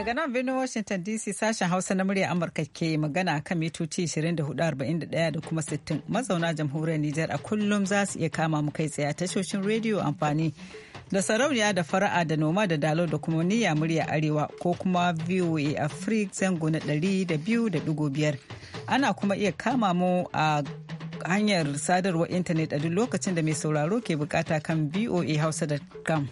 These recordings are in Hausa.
Daga nan birnin Washington DC sashen Hausa na murya Amurka ke magana kan mitoci 24,41 da kuma 60 mazauna jamhuriyar Nijar a kullum za su iya kama mu kai tsaye a tashoshin rediyo amfani da sarauniya da fara'a da noma da dalo da kuma niyya murya arewa ko kuma VOA Africa zango na 200.5 ana kuma iya kama mu a hanyar sadarwar intanet a duk lokacin da mai sauraro ke bukata kan voa hausa.com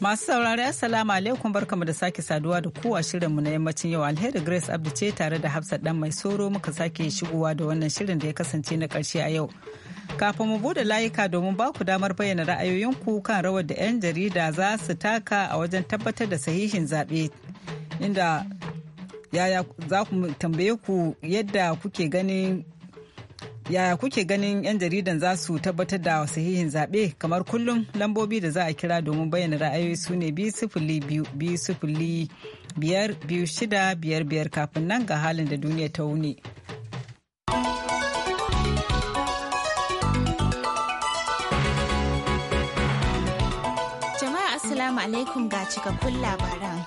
Masu saurari Assalamu alaikum barkamu da sake saduwa da kowa shirinmu na yammacin yau alheri Grace Abdu ce tare da Hafsat dan mai soro muka sake shigowa da wannan shirin da ya kasance na karshe a yau. Kafin mu bude layuka domin ba ku damar bayyana ra'ayoyinku kan rawar da 'yan jarida za su taka a wajen tabbatar da sahihin zaɓe inda yaya za ku tambaye ku yadda kuke ganin yaya kuke ganin 'yan jaridan za su tabbatar da sahihin zaɓe kamar kullum lambobi da za a kira domin bayyana ra'ayoyi su ne biyu shida biyar biyar kafin nan ga halin da duniya ta wuni. jama'a assalamu alaikum ga cikakkun labaran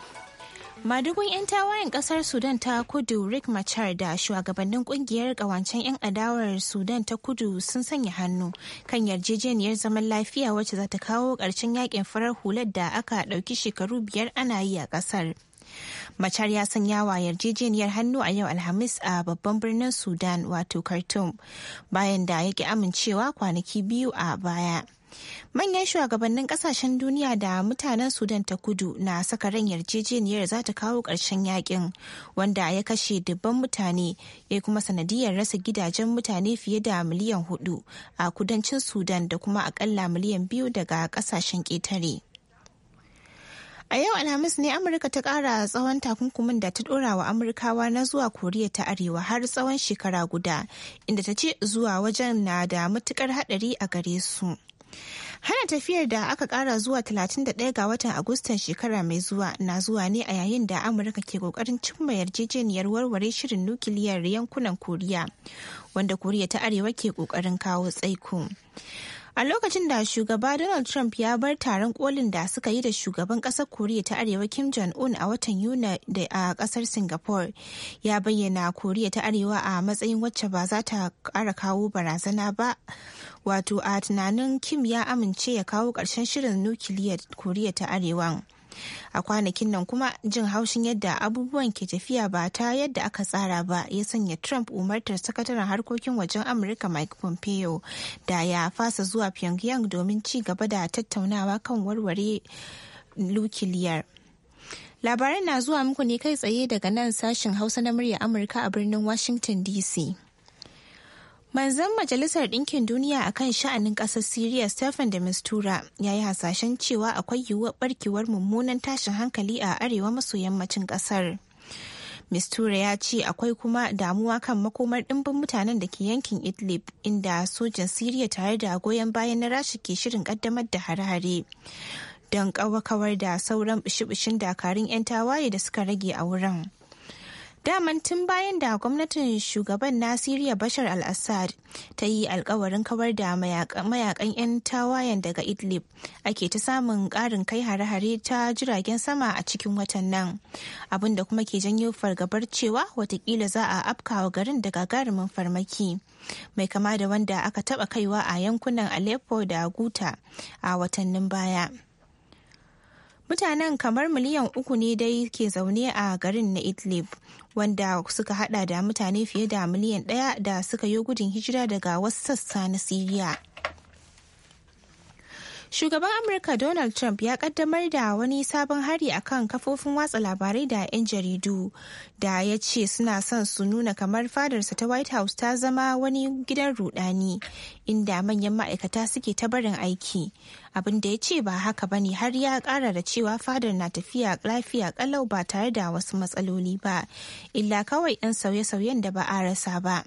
Madugun 'yan tawayen kasar Sudan ta kudu Rick Machar da shugabannin kungiyar kawancen 'yan adawar Sudan ta kudu sun sanya hannu kan yarjejeniyar zaman lafiya wacce za ta kawo ƙarshen yakin farar hular da aka ɗauki shekaru biyar ana yi a ƙasar. Machar ya sanya wa yarjejeniyar hannu a yau Alhamis a babban birnin Sudan wato Khartoum bayan da yake amincewa kwanaki biyu a baya. Manyan shugabannin kasashen duniya da mutanen Sudan ta kudu na saka ran yarjejeniyar za ta kawo ƙarshen yakin wanda ya kashe dubban mutane ya kuma sanadiyar rasa gidajen mutane fiye da miliyan hudu a kudancin Sudan da kuma akalla miliyan biyu daga kasashen ƙetare. A yau Alhamis ne Amurka ta ƙara tsawon takunkumin da ta ɗora wa Amurkawa na zuwa Koriya ta Arewa har tsawon shekara guda, inda ta ce zuwa wajen na da matukar haɗari a gare su. Hana tafiyar da aka kara zuwa 31 ga watan Agustan shekara mai zuwa na zuwa ne a yayin da Amurka ke kokarin cimma yarjejeniyar warware shirin nukiliyar yankunan Koriya, wanda Koriya ta Arewa ke kokarin kawo tsaiko. a lokacin da shugaba donald trump ya bar taron kolin da suka yi da shugaban kasar koriya ta arewa kim jong-un a watan yuni da a kasar singapore ya bayyana koriya ta arewa a matsayin wacce ba za ta kara kawo barazana ba wato a tunanin kim ya amince ya kawo ƙarshen shirin nukiliyar koriya ta arewa a kwanakin nan kuma jin haushin yadda abubuwan ke tafiya ba ta yadda aka tsara ba ya sanya trump umartar sakataren harkokin wajen amurka mike pompeo da ya fasa zuwa pyongyang domin ci gaba da tattaunawa kan warware nukiliyar labaran na zuwa muku ne kai tsaye daga nan sashen hausa na murya amurka a birnin washington dc Manzan Majalisar Ɗinkin Duniya a kan sha'anin ƙasar Siriya Stephen da Mistura ya yi hasashen cewa akwai yiwuwar barkewar mummunan tashin hankali a arewa maso yammacin ƙasar. Mistura ya ce akwai kuma damuwa kan makomar ɗimbin mutanen da ke yankin Idlib inda sojan Siriya tare da goyon bayan na rashi ke shirin ƙaddamar da hare-hare. Don kawar da sauran bishe bishin dakarun 'yan tawaye da suka rage a wurin. Daman tun bayan da gwamnatin shugaban Nasiriya Bashar al-Assad ta yi alkawarin kawar da mayakan 'yan tawayen daga Idlib ake ta samun ƙarin kai hare-hare ta jiragen sama a cikin watan nan. Abin da kuma ke janyo fargabar cewa watakila za a afkawa garin da gagarumin farmaki. Mai kama da wanda aka taba kaiwa a yankunan Aleppo da Guta a watannin baya. mutanen kamar miliyan uku ne dai ke zaune a garin na idlib wanda suka hada da mutane fiye da miliyan daya da suka yi gudun hijira daga wasu sassa na Siriya. Shugaban Amurka Donald Trump ya kaddamar da wani sabon hari a kan kafofin watsa labarai da 'yan jaridu da ya ce suna son su nuna kamar fadarsa ta White House ta zama wani gidan rudani inda manyan ma'aikata suke ta barin aiki. Abin da ya ce ba haka ba ne har ya kara da cewa fadar na tafiya lafiya kalau ba tare da wasu matsaloli ba, illa kawai 'yan sauye-sauyen da ba a rasa ba.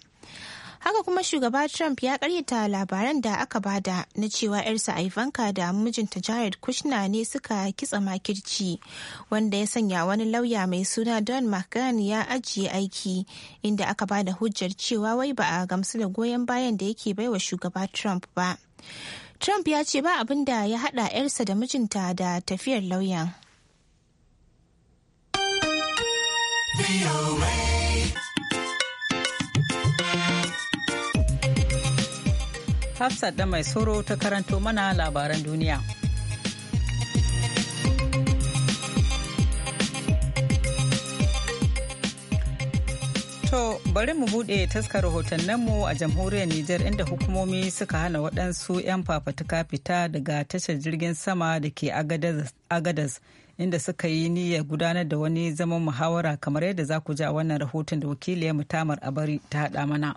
haka kuma shugaba trump ya karyata labaran da aka bada na cewa yarsa ivanka da mijinta jared kushner ne suka kitsa makirci wanda ya sanya wani lauya mai suna don mcgahn ya ajiye aiki inda aka bada hujjar cewa wai ba a gamsu da goyon bayan da yake baiwa shugaba trump ba trump ya ce ba abin da ya hada yarsa da mijinta da tafiyar lauyan. Hafsat da mai soro ta karanto mana labaran duniya. To bari mu buɗe taskar rahotanninmu a jamhuriyar Nijar inda hukumomi suka hana waɗansu 'yan fafatuka fita daga tashar jirgin sama da ke Agadas inda suka yi niyyar gudanar da wani zaman muhawara kamar yadda za ku ji a wannan rahoton da wakiliyar mutamar abari ta haɗa mana.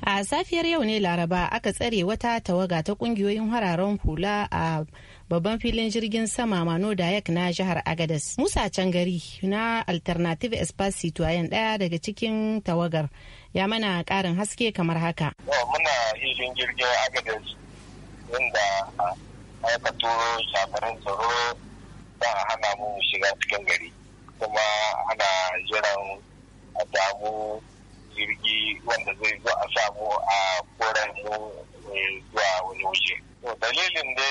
a safiyar yau ne laraba aka tsare wata tawaga ta kungiyoyin hararen hula a babban filin jirgin sama mano dayak na jihar agadas musa cangari na alternative espacito yayin daya daga cikin tawagar ya mana karin haske kamar haka muna filin jirgin agadas inda aka turo shafarin tsaro za a hana mu shiga cikin gari kuma ana jiran a damu jirgi wanda zai zo a samu a koren mu eh, zuwa wani wuce. dalilin da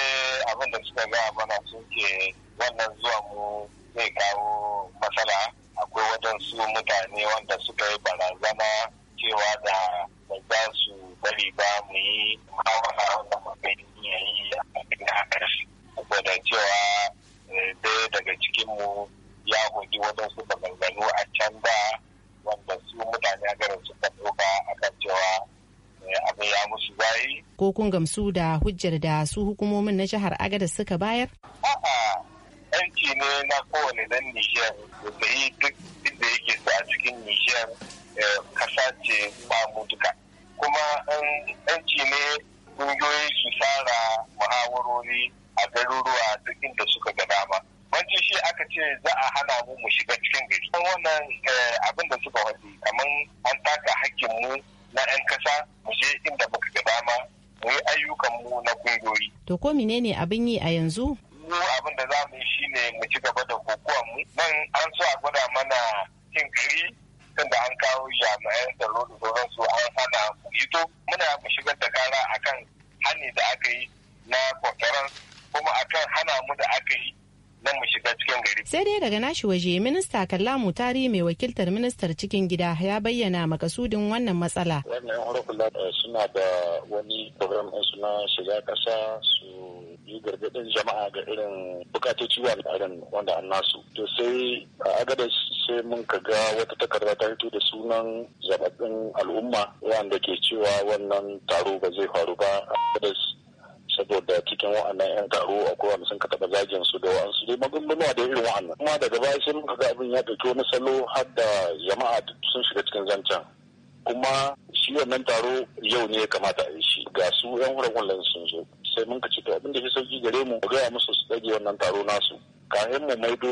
abin da suka ga mana sun ke wannan zuwa mu zai kawo matsala akwai wajen mutane wanda suka yi barazana gamsu da hujjar da su hukumomin na jihar agada suka bayar menene abin yi a yanzu? Mu abin da za mu yi shine mu ci gaba da kokowa mu. Nan an so a gwada mana cin gari tun da an kawo jami'an tsaro da su an hana mu muna mu shigar da kara akan hani da aka yi na kwakwaran kuma akan hana mu da aka yi nan mu shiga cikin gari. Sai dai daga nashi waje minista Kalla Mutari mai wakiltar ministar cikin gida ya bayyana makasudin wannan matsala. Wannan hurufula eh, suna da wani program suna shiga kasa su gargaɗin jama'a ga irin bukatoci wa al'adan wanda an nasu to sai a agadas sai mun ka ga wata takarda ta fito da sunan zaɓaɓɓen al'umma wanda ke cewa wannan taro ba zai faru ba a agadas saboda cikin wa'annan 'yan taro akwai wanda sun ka taɓa zagin su da wa'ansu dai magunguna da irin wa'annan kuma daga baya sai muka ga abin ya ɗauki wani salo har da jama'a sun shiga cikin zancen kuma shi wannan taro yau ne ya kamata a yi shi ga su 'yan huragullan sun zo sai mun ka ci abinda abin fi sauki gare mu ka gaya musu su dage wannan taro nasu kafin mu maido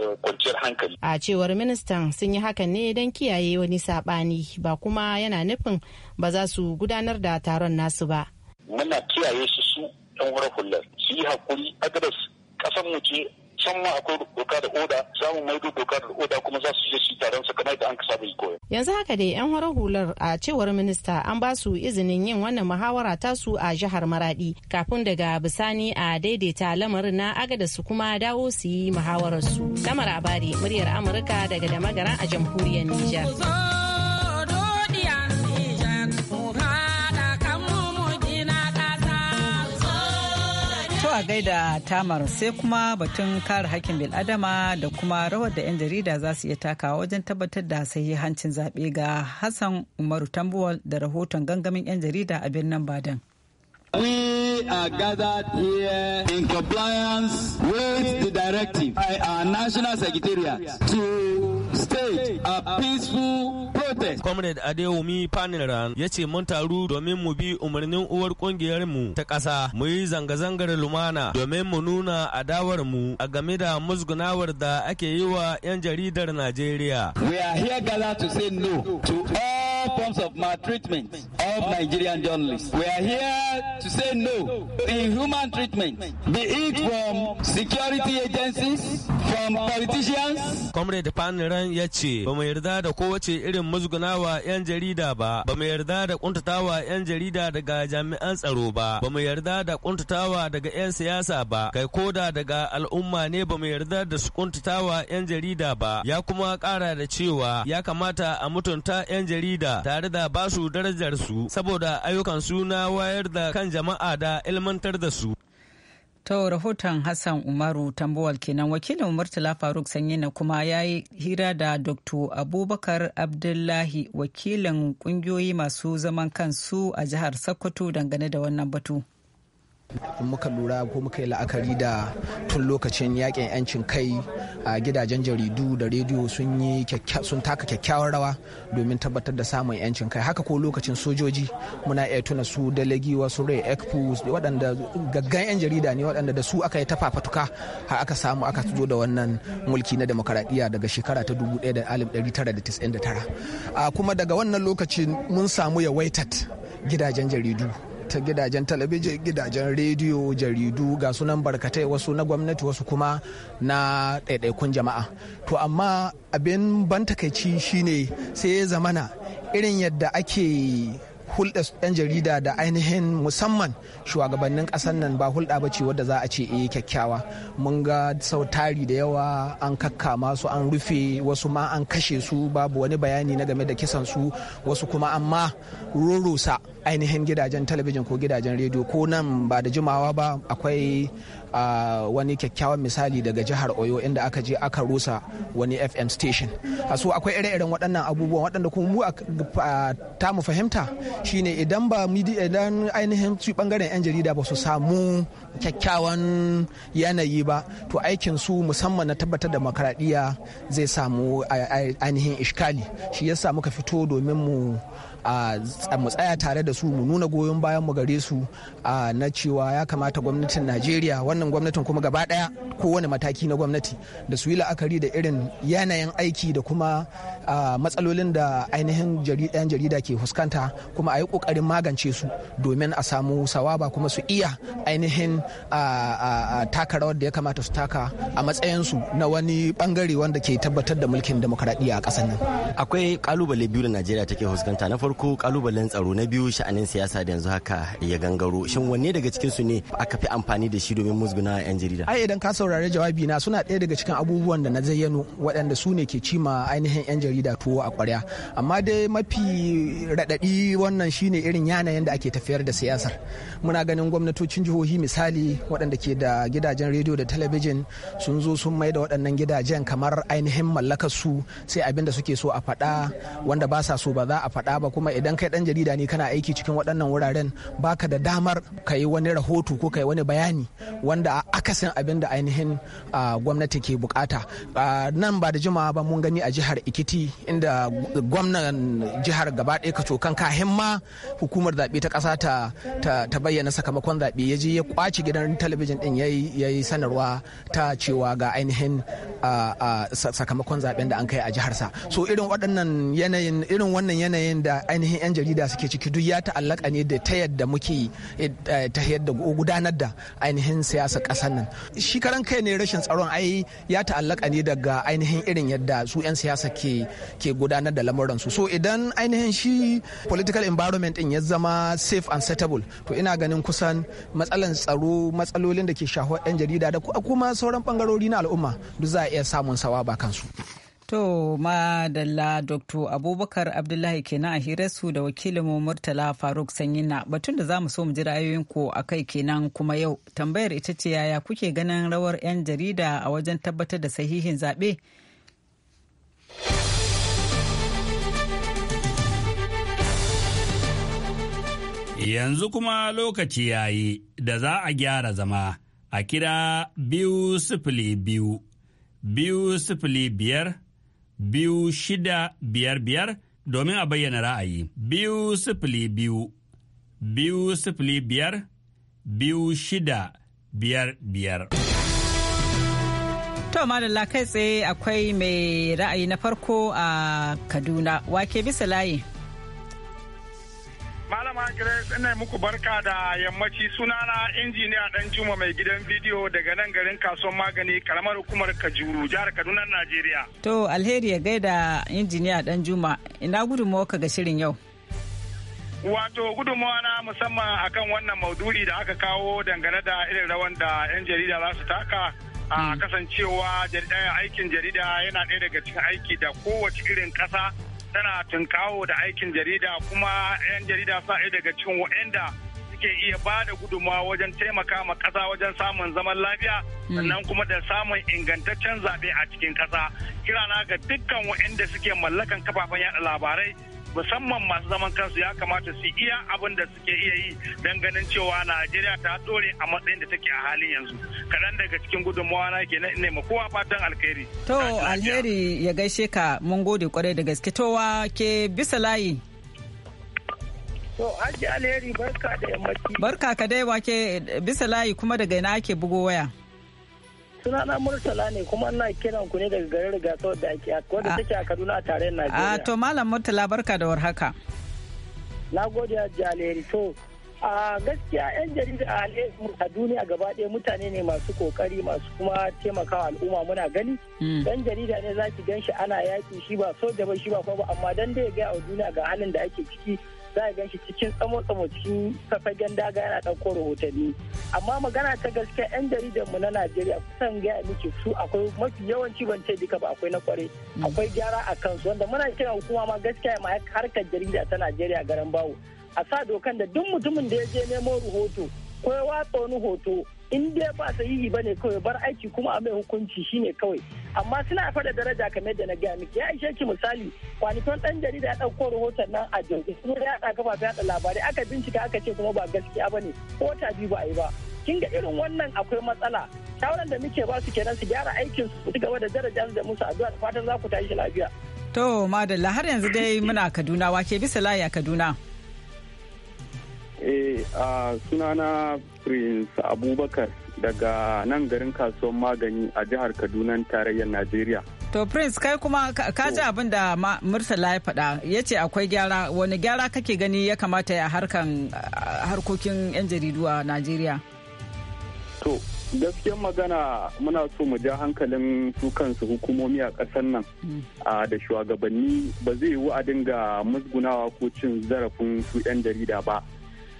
eh, kwanciyar hankali. A cewar ministan sun yi hakan ne don kiyaye wani saɓani ba kuma yana nufin ba za su gudanar da taron nasu ba. Muna kiyaye su su 'yan wurin hular su yi hakuri adres ƙasar mu ce can ma akwai doka da oda za mu maido doka da oda kuma za su je su taron su kamar da an kasa yi koyo. Yanzu haka dai yan horar hular a cewar minista an ba su izinin yin wannan muhawara tasu a jihar Maradi kafin daga bisani a daidaita lamarin na agada su kuma dawo su yi muhawarar su. Lamar Abari muryar Amurka daga da a jamhuriyar Nijar. a gaida tamar sai kuma batun kare hakkin bil'adama da kuma rawar da 'yan jarida za su iya takawa wajen tabbatar da sahihancin zaɓe ga Hassan Umaru Tambuwal da rahoton gangamin 'yan jarida a birnin Badan. We are gathered here in compliance with the directive by our national secretariat stage a peaceful protest. Comrade Adewumi Paniran ya ce mun taru domin mu bi umarnin uwar kungiyar mu ta ƙasa mu yi zanga-zangar lumana domin mu nuna adawar mu a game da musgunawar da ake yi wa 'yan jaridar Najeriya. We are here gathered to say no to all all forms of maltreatment of Nigerian journalists. We are here to say no to human treatment, be it from security agencies, from politicians. Comrade Paniran ya ce, ba mu yarda da kowace irin musgunawa 'yan jarida ba, ba mu yarda da kuntatawa 'yan jarida daga jami'an tsaro ba, ba mu yarda da kuntatawa daga 'yan siyasa ba, kai koda daga al'umma ne ba mu yarda da su kuntatawa 'yan jarida ba. Ya kuma kara da cewa ya kamata a mutunta 'yan jarida tare da ba su darajar su saboda ayyukan su na wayar da kan jama'a da ilmantar da su. ta rahoton Hassan Umaru Tambuwal kenan wakilin Murtala Faruk Sanyi na kuma ya yi hira da Dr. Abubakar Abdullahi wakilin kungiyoyi masu zaman kansu a jihar Sokoto dangane da wannan batu. in muka lura ko muka yi la'akari da tun lokacin yakin yancin kai a gidajen jaridu da rediyo sun yi sun taka kyakkyawar rawa domin tabbatar da samun yancin kai haka ko lokacin sojoji muna iya tuna su dalagi wasu rai ekpus waɗanda gaggan yan jarida ne waɗanda da su aka yi tafafatuka har aka samu aka zo da wannan mulki na demokaradiyya daga shekara ta 1999 kuma daga wannan lokacin mun samu yawaitat gidajen jaridu ta gidajen talabijin gidajen rediyo jaridu ga sunan barkatai wasu na gwamnati wasu kuma na ɗaiɗaikun jama'a to amma abin ban takaici shine sai ya zamana irin yadda ake hulɗa 'yan jarida da ainihin musamman shugabannin ƙasar nan ba hulɗa ba ce wadda za a ce eh kyakkyawa mun ga sau tari da yawa an kakka su an rufe wasu ma an kashe su babu wani bayani na game da kisan su wasu kuma amma rorosa ainihin gidajen talabijin ko gidajen rediyo ko nan ba da jimawa ba akwai wani kyakkyawan misali daga jihar oyo inda aka je aka rusa wani fm station a so akwai ire-iren waɗannan abubuwan waɗanda kuma mu ta mu fahimta shine idan ba idan ainihin su bangaren 'yan jarida ba su samu kyakkyawan yanayi ba to aikin su musamman na tabbatar da makaradiyya zai samu ainihin ishkali shi yasa muka fito domin mu mu tsaya tare da su mu nuna goyon bayan mu gare su na cewa ya kamata gwamnatin najeriya wannan gwamnatin kuma gaba daya kowane mataki na gwamnati da su yi la'akari da irin yanayin aiki da kuma matsalolin da ainihin yan jarida ke fuskanta kuma a yi kokarin magance su domin a samu sawaba kuma su iya ainihin taka rawar da ya kamata su taka a matsayinsu na wani bangare wanda ke tabbatar da mulkin demokradiyya a ƙasar nan akwai kalubale biyu da najeriya take fuskanta na farko kalubalen tsaro na biyu sha'anin siyasa da yanzu haka ya gangaro shin wanne daga cikin su ne aka fi amfani da shi domin musguna yan jarida ai idan ka saurari jawabi na suna ɗaya daga cikin abubuwan da na zayyano waɗanda su ne ke cima ainihin yan jarida tuwo a ƙwarya amma dai mafi raɗaɗi wannan shine irin yanayin da ake tafiyar da siyasar muna ganin gwamnatocin jihohi misali waɗanda ke da gidajen rediyo da talabijin sun zo sun mai da waɗannan gidajen kamar ainihin mallakar su sai abin da suke so a faɗa wanda ba sa so ba za a faɗa ba kuma kuma idan kai dan jarida ne kana aiki cikin waɗannan wuraren baka da damar ka yi wani rahoto ko ka yi wani bayani wanda akasin abin da ainihin gwamnati ke bukata nan ba da jimawa ba mun gani a jihar ikiti inda gwamnan jihar gaba ɗaya ka cokan kahin ma hukumar zaɓe ta ƙasa ta bayyana sakamakon zaɓe ya je ya kwace gidan talabijin ɗin ya yi sanarwa ta cewa ga ainihin sakamakon zaɓen da an kai a jiharsa so irin waɗannan yanayin irin wannan yanayin da ainihin 'yan jarida suke ciki duk ya ta'allaka ne da ta yadda muke eh, eh, ta yadda gudanar da ainihin siyasa ƙasar nan shi karan kai ne rashin tsaron ai ya ta'allaka ne daga ainihin irin yadda su 'yan siyasa ke ke gudanar da lamuran su so idan ainihin shi political environment din ya zama safe and settable to ina ganin kusan matsalan tsaro matsalolin da ke shahuwar 'yan jarida da kuma sauran bangarori na al'umma duk za a iya samun sawa ba kansu. To madalla Dr. Abubakar Abdullahi kenan a hirarsu da wakilin Murtala Faruk Sanyina batun da za mu so mu ji ra'ayoyin ku a kai kenan kuma yau tambayar ita ce yaya kuke ganin rawar 'yan jarida a wajen tabbatar da sahihin zaɓe? Yanzu kuma lokaci yayi da za a gyara zama a kira biyu sifili biyu, biyu sifili biyar biyu shida biyar biyar domin a bayyana ra'ayi biyu sifili biyu biyu sifili biyar biyu shida biyar biyar. To Malalla kai tsaye akwai mai ra'ayi na farko a Kaduna wake bisa layi. Malama Grace ina muku barka da yammaci sunana injiniya dan Juma mai gidan bidiyo daga nan garin kasuwar magani karamar hukumar Kajuru jihar Kaduna Najeriya. To alheri ya gaida injiniya dan Juma ina gudunmawa ga shirin yau. Wato gudunmawa na musamman akan wannan mauduri da aka kawo dangane da irin rawan da 'yan jarida za su taka a hmm. kasancewa eh, aikin jarida yana ɗaya daga cikin aiki da kowace irin ƙasa tana tunkawo da aikin jarida kuma 'yan jarida sa daga cikin wa'anda suke iya ba da gudunmawa wajen taimaka ma ƙasa wajen samun zaman lafiya hmm. sannan kuma da samun ingantaccen zaɓe a cikin ƙasa kirana ga dukkan wa'anda suke mallakan kafafen yaɗa labarai musamman masu zaman kansu ya kamata su iya abin da suke iya yi don ganin cewa najeriya ta dore a matsayin da take a halin yanzu kaɗan daga cikin gudunmawa na ke ma kowa fatan alheri. to alheri ya gaishe ka mun gode kwarai da gaske towa ke bisa layi To alheri barka da yammaci. Barka ka dai wake bisa layi kuma daga ina ake bugo waya. sunana murtala ne kuma ina kiran ku ne daga garin rigasa da ake wadda take a kaduna a tarayyar najeriya a to malam murtala barka da warhaka na gode a jaleri to a gaskiya yan jarida a a duniya gaba ɗaya mutane ne masu kokari masu kuma taimakawa al'umma muna gani yan hmm. jarida ne za ki gan ana yaki shi ba soja ba shi ba kuma amma dan dai ya gaya wa duniya ga halin da ake ciki za a ganshi cikin tsamo-tsamo cikin fafagen daga yana ɗauko rahotanni amma magana ta gaskiya 'yan jaridar mu na najeriya kusan gaya miki su akwai mafi yawanci ban ce duka ba akwai na kware mm. akwai gyara a kansu wanda muna kiran hukuma ma gaskiya ma harkar jarida ta najeriya garan bawo a sa dokan da duk mutumin da ya je nemo rahoto ko ya watsa wani hoto in dai ba sahihi ba ne kawai bar aiki kuma a mai hukunci shine kawai amma suna fada daraja kamar da na gaya miki ya ishe ki misali kwaniton dan jarida ya dauko rahoton nan a jirgin su ya ɗa kafa ta labarai aka bincika aka ce kuma ba gaskiya ba ne ko ta biyu ba a ba kin ga irin wannan akwai matsala shawaran da muke ba su kenan su gyara aikin su gaba da daraja da musu addu'a da fatan za ku tashi lafiya. To madalla har yanzu dai muna Kaduna wake bisa laya Kaduna. Eh, a sunana Prince Abubakar daga nan garin kasuwan magani a jihar Kaduna tarayyar Najeriya. To Prince kai kuma ka ji abin da Murtala ya faɗa ya ce akwai gyara wani gyara kake gani ya kamata ya harkan harkokin 'yan jaridu a Najeriya? To gaskiyar magana muna so mu ja hankalin su kansu hukumomi a ƙasar nan hmm. da shugabanni ba zai yi a dinga musgunawa ko cin zarafin su 'yan jarida ba.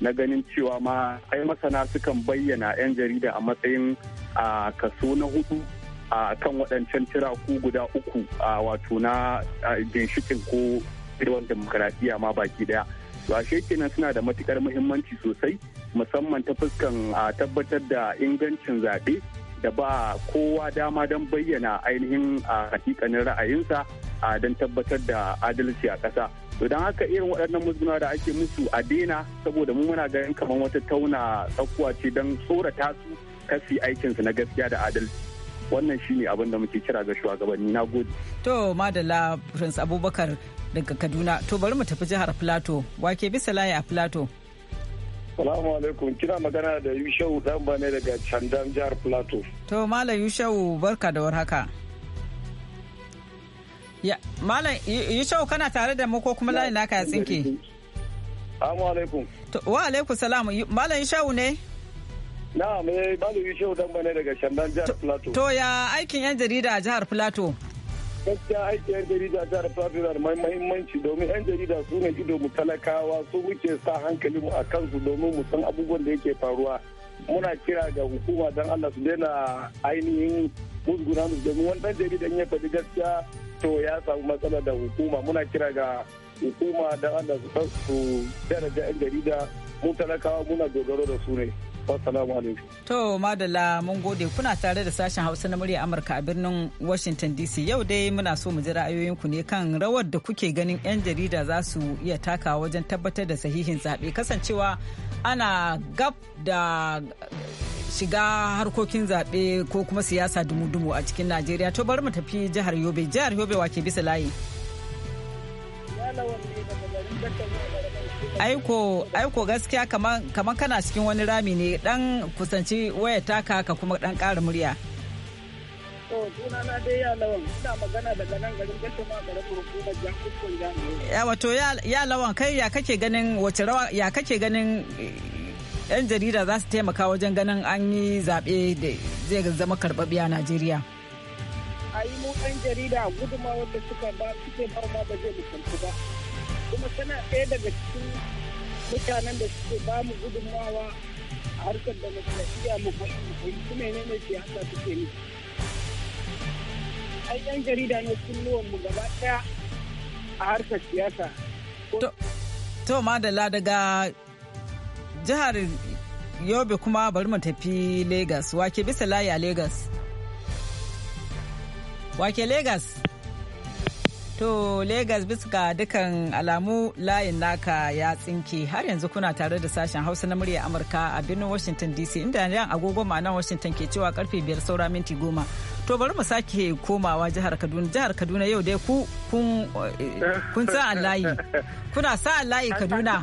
na ganin cewa ma ai masana sukan bayyana 'yan jarida a matsayin a kaso na hudu a kan waɗancan ciraku guda uku a wato na ginshikin ko irin demokaradiyya ma baki daya to ashe kenan suna da matukar muhimmanci sosai musamman ta fuskan a tabbatar da ingancin zaɓe da ba kowa dama don bayyana ainihin a hakikanin ra'ayinsa don tabbatar da adalci a ƙasa to don haka irin waɗannan musguna da ake musu a daina saboda mu muna ganin kamar wata tauna tsakuwa ce don tsorata su kasi aikinsu na gaskiya da adalci wannan shine abin da muke kira ga shugabanni na gode to madalla prince abubakar daga kaduna to bari mu tafi jihar wa wake bisa salaya a plateau salamu alaikum kina magana da yushau dan bane daga candan jihar plateau to malam yushau barka da warhaka haka Malam Yushau kana tare da mu ko kuma layi naka ya tsinke? Assalamu alaikum. Wa alaikum salam. Malam Yushau ne? Na mai eh, Malam Yushau dan bane daga Shandan jihar Plateau. To ya aikin yan jarida a jihar Plateau? Gaskiya aikin yan jarida a jihar Plateau na da mahimmanci domin yan jarida su ne ido mu talakawa su muke sa hankalinmu a kansu domin mu san abubuwan da yake faruwa. muna kira ga hukuma don Allah su daina ainihin musguna musu domin wani dan jaridan ya faɗi gaskiya to ya samu matsala da hukuma muna kira ga hukuma don Allah su su daraja yan jarida mun talakawa muna dogaro da su ne. To Madalla mun gode kuna tare da sashen Hausa na murya Amurka a birnin Washington DC yau dai muna so mu ji ra'ayoyinku ne kan rawar da kuke ganin 'yan jarida za su iya takawa wajen tabbatar da sahihin zaɓe kasancewa ana gab da shiga harkokin zaɓe ko kuma siyasa dumu-dumu a cikin najeriya to bari mu tafi jihar yobe jihar yobe wa ke bisa layi aiko aiko gaskiya kamar kana cikin wani rami ne dan kusanci waya taka ka kuma dan ƙara murya ya wato ya lawan kai ya kake ganin wace rawa ya kake ganin eh, yan jarida za su taimaka wajen ganin an yi zaɓe da zai zama karɓaɓɓe a Najeriya. A yi mu ɗan jarida guduma wanda suka ba suke ba ma ba zai mutuntu ba. Kuma tana ɗaya daga cikin mutanen da suke ba mu gudunmawa a harkar da mu ne ne menene siyasa suke ni. ai yan jarida ne kulluwan mu gaba daya a harkar siyasa to madalla daga jihar yobe kuma bari mu tafi lagos wake bisa layi a lagos wake lagos to lagos bisa ga dukan alamu layin naka ya tsinke har yanzu kuna tare da sashen hausa na murya amurka a birnin washington dc inda yan agogo ma'anar washington ke cewa karfe biyar saura minti goma to bari mu sake komawa jihar kaduna jihar kaduna yau dai ku kun kun sa layi kuna sa layi kaduna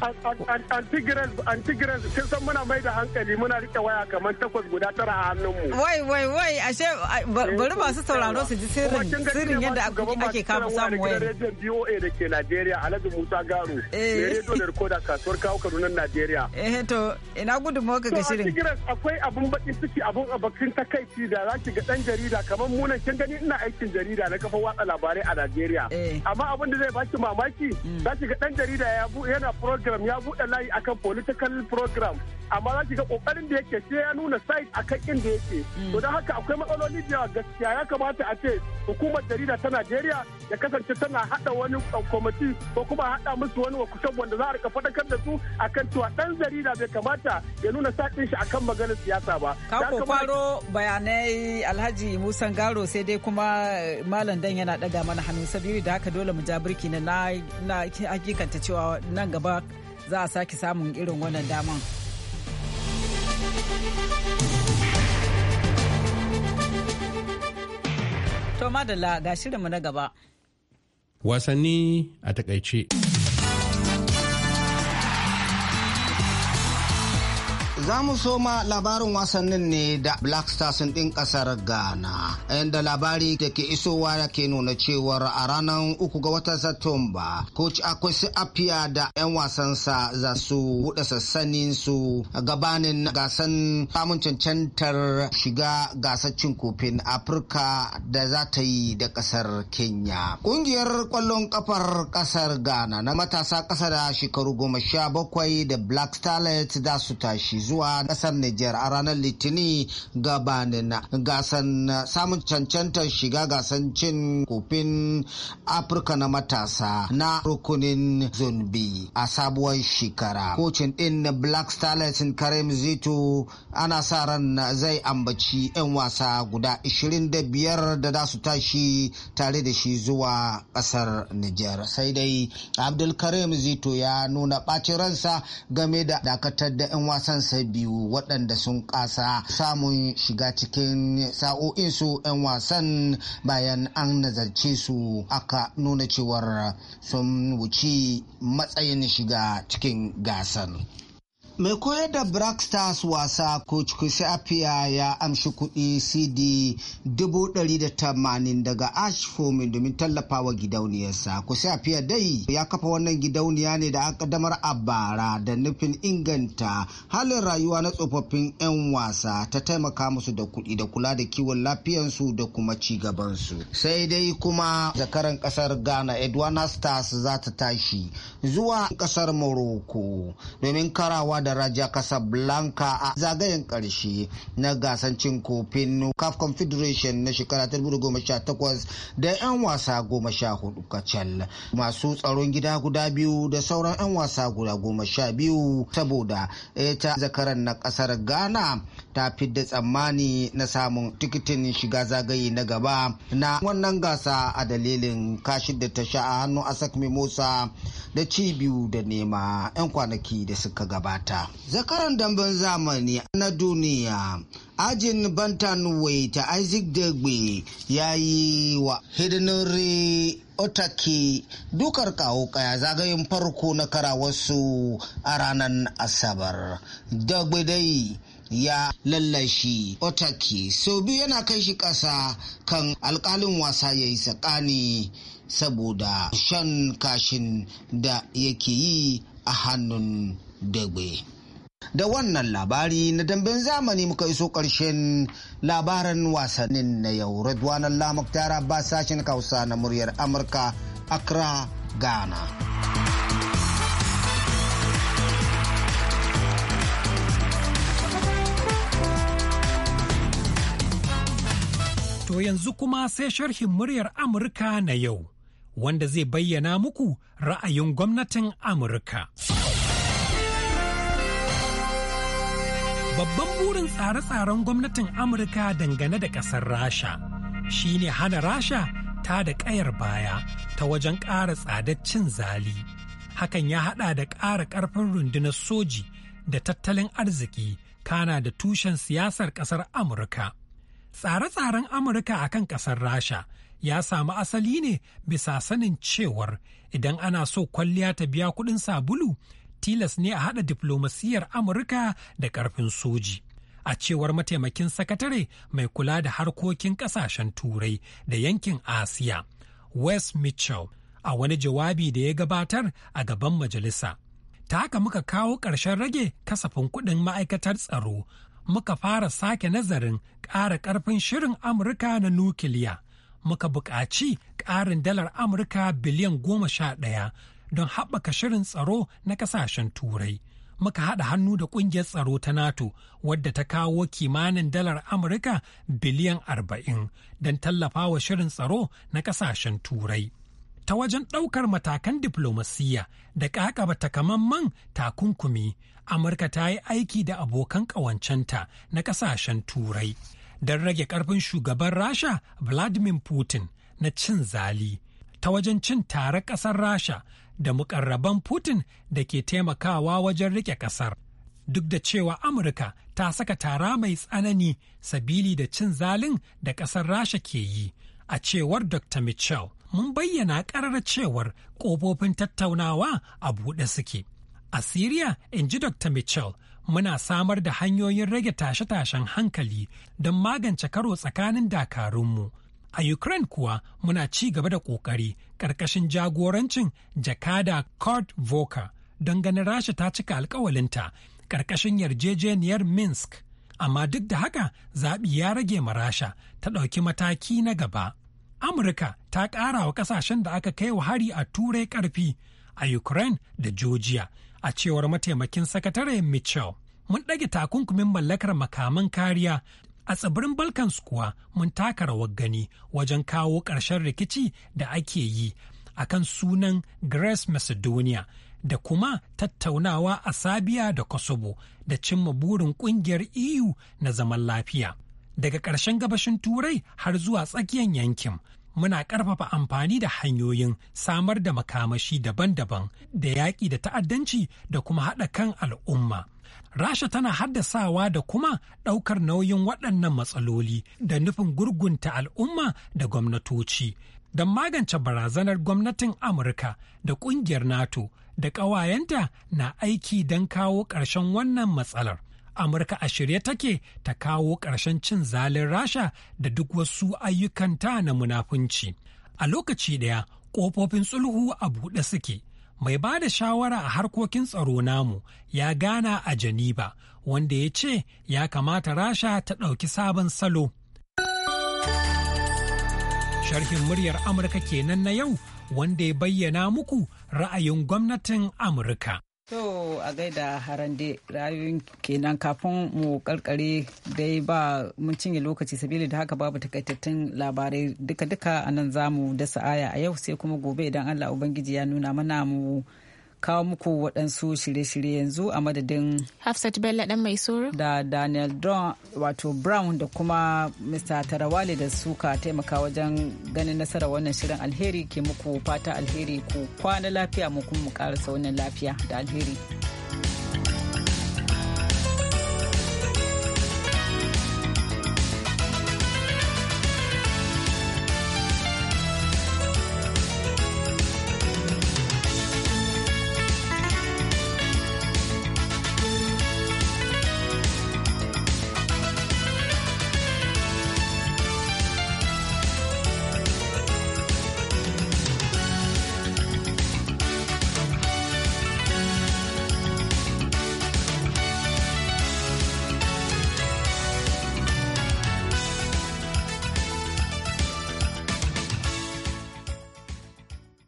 antigras antigras kin san muna mai da hankali muna rike waya kamar takwas guda tara a hannunmu wai wai wai ashe eh, bari masu sauraro su ji sirrin sirrin yadda ake kama samu waya rediyon BOA da ke Najeriya Alhaji Musa Garu eh rediyo da rikoda kasuwar kawo Kaduna Najeriya eh to ina gudunmawa ka ga shirin akwai abun bakin ciki abun abakin takaici da za ga dan jarida kamar munan kin gani ina aikin jarida na kafa watsa labarai a Najeriya eh. amma abin da zai baki mamaki mm. za ki ga dan jarida ya yana program ya buɗe layi akan political program amma za ki ga kokarin da yake sai ya nuna site akan inda yake mm. to dan haka akwai matsaloli da gaskiya ya kamata a ce hukumar jarida ta Najeriya ya kasance tana hada wani uh, kwamiti ko kuma hada musu wani wakushan wanda za a rika fadakar da su akan cewa dan jarida bai kamata ya nuna sakin shi akan maganar siyasa ba. Kako faro bayanai Alhaji Musa sangaro sai dai kuma malam dan yana daga mana hannu sabiri da haka dole mu ja birki na na hakikanta cewa nan gaba za a sake samun irin wannan daman. To madalla ga shirinmu na gaba. Wasanni a takaice. Za mu soma labarin wasannin ne da Black Stars ɗin ƙasar Ghana, inda labari da ke isowa ke nuna cewar a ranar uku ga watan Satumba, Coach Akwesi Apia da 'yan wasansa za su buɗe sassanin su gabanin gasan samun cancantar shiga gasar cin kofin Afirka da za ta yi da ƙasar Kenya. Ƙungiyar ƙwallon ƙafar ƙasar Ghana na matasa ƙasa da shekaru goma sha bakwai da Black Starlet za su tashi zuwa wa kasar Nijar a ranar Litini gabanin gasan samun cancantar shiga gasan cin kofin Afirka na matasa na rukunin Zunbi a sabuwar shekara. Kocin ɗin Black Stars Karim Zito ana sa ran zai ambaci 'yan wasa guda 25 da za su tashi tare da shi zuwa kasar Nijar. Sai dai Abdulkarim Zito ya nuna ɓacin ransa game da dakatar da 'yan wasan biyu waɗanda sun ƙasa samun shiga cikin sa'o'insu 'yan wasan bayan an nazarce su aka nuna cewar sun wuci matsayin shiga cikin gasar. mai koyar da black stars wasa coach kusi ya amshi kuɗi cd 180 daga ash fomin domin tallafawa gidauniyarsa kusi dai ya kafa wannan gidauniya ne da akadamar a bara da nufin inganta halin rayuwa na tsofaffin 'yan wasa ta taimaka musu da kuɗi da kula da kiwon lafiyansu da kuma cigabansu. sai dai kuma zakaran ƙasar ghana edwana stars za ta tashi zuwa ƙasar morocco domin karawa da daraja Raja Casablanca a zagayen ƙarshe na gasan cin kofin CAF Confederation na shekara 2018 da 'yan wasa goma sha hudu kacal. Masu tsaron gida guda biyu da sauran 'yan wasa guda goma sha biyu saboda ita zakaran na ƙasar Ghana ta da tsammani na samun tikitin shiga zagaye na gaba na wannan gasa a dalilin kashin da ta sha a hannun asakmi mimosa da cibiyu da nema 'yan kwanaki da suka gabata zakaran damben zamani na duniya ajin bantanwe ta isaac dagbe ya yi wa hidinore otaki dukar kawo kaya zagayen farko na karawarsu a ranar asabar dagbe dai ya lallashi otaki sau biyu yana kai shi ƙasa kan alƙalin wasa ya yi tsakani saboda shan kashin da yake yi a hannun dagbe. Da wannan labari na damben zamani muka iso ƙarshen labaran wasannin na yau. Radwan lamuk tara ba sashen Hausa na muryar Amurka, Accra, Ghana. To yanzu kuma sai sharhin muryar Amurka na yau, wanda zai bayyana muku ra'ayin gwamnatin Amurka. Babban burin tsare-tsaren gwamnatin Amurka dangane da ƙasar Rasha shi ne hana Rasha ta da ƙayar baya ta wajen ƙara tsadar cin zali. Hakan ya haɗa da ƙara ƙarfin rundunar soji da tattalin arziki kana da tushen siyasar ƙasar Amurka. tsare-tsaren Amurka a kan ƙasar Rasha ya samu asali ne bisa sanin cewar idan ana so kwalliya ta biya kuɗin sabulu tilas ne a haɗa diflomasiyyar Amurka da ƙarfin soji. A cewar mataimakin sakatare mai kula da harkokin ƙasashen Turai da yankin Asiya, Wes Mitchell, a wani jawabi da ya gabatar a gaban majalisa. ta haka muka kawo ƙarshen rage kasafin kuɗin ma'aikatar tsaro muka fara sake nazarin ƙara ƙarfin shirin Amurka na nukiliya. Muka buƙaci ƙarin dalar Amurka biliyan goma sha ɗaya don haɓaka shirin tsaro na ƙasashen Turai. Muka haɗa hannu da ƙungiyar tsaro ta NATO wadda ta kawo kimanin dalar Amurka biliyan arba'in don tallafa wa shirin tsaro na ƙasashen Turai. ta wajen ɗaukar matakan diflomasiyya da ƙaƙaba takamamman takunkumi amurka ta yi aiki da abokan ƙawancenta na ƙasashen turai don rage ƙarfin shugaban rasha vladimir putin na cin zali ta wajen cin tare ƙasar rasha da muƙarraban putin da ke taimakawa wajen riƙe ƙasar duk da cewa amurka ta saka tara mai tsanani sabili da cin zalin da ƙasar rasha ke yi a cewar dr mitchell mun bayyana ƙarar cewar ƙofofin tattaunawa a buɗe suke A Siriya, in ji Dr. Mitchell, muna samar da hanyoyin rage tashe-tashen hankali don magance karo tsakanin dakarunmu. A Ukraine kuwa muna ci gaba da ƙoƙari ƙarƙashin jagorancin jakada Kurt Volker don ganin Rasha ta cika alkawalinta ƙarƙashin yarjejeniyar Minsk. Amma duk da haka zaɓi ya rage ma Rasha ta ɗauki mataki na gaba. Amurka ta ƙara wa ƙasashen da aka kai wa hari a Turai ƙarfi a Ukraine da Georgia. a cewar mataimakin sakatare Mitchell. Mun ɗage takunkumin mallakar makaman kariya a tsibirin Balkans kuwa mun taka rawar gani wajen kawo ƙarshen rikici da ake yi a kan sunan Grace Macedonia da kuma tattaunawa a Sabiya da Kosovo da cimma burin ƙungiyar EU na zaman lafiya. Daga ƙarshen gabashin Turai har zuwa tsakiyar yankin muna ƙarfafa amfani da hanyoyin samar da makamashi daban-daban da yaƙi da ta'addanci da kuma haɗa kan al'umma. Rasha tana haddasawa da kuma ɗaukar nauyin waɗannan matsaloli da nufin gurgunta al'umma da gwamnatoci. Don magance barazanar gwamnatin Amurka da ƙungiyar NATO da ƙawayenta na aiki don kawo ƙarshen wannan matsalar. amurka a shirye take ta kawo ƙarshen cin zalin rasha da duk wasu ayyukanta na munafunci a lokaci ɗaya ƙofofin sulhu a buɗe suke mai ba da shawara a harkokin tsaro namu ya gana a Janiba wanda ya ce ya kamata rasha ta ɗauki sabon salo. Sharhin muryar Amurka kenan na yau wanda ya bayyana muku ra'ayin gwamnatin Amurka. To a gaida harande rayuwar kenan kafin mu karkare dai ba mun cinye lokaci sabili da haka babu takaitattun labarai duka-duka a nan za mu dasa aya a yau sai kuma gobe idan Allah Ubangiji ya nuna mana mu kawo muku waɗansu shirye-shirye yanzu a madadin Hafsat Bello ɗan mai soro da Daniel Don wato Brown da kuma Mr. Tarawale da suka taimaka wajen ganin nasara wannan shirin alheri ke muku fata alheri ku kwana lafiya mu kuma mu ƙarasa wannan lafiya da alheri.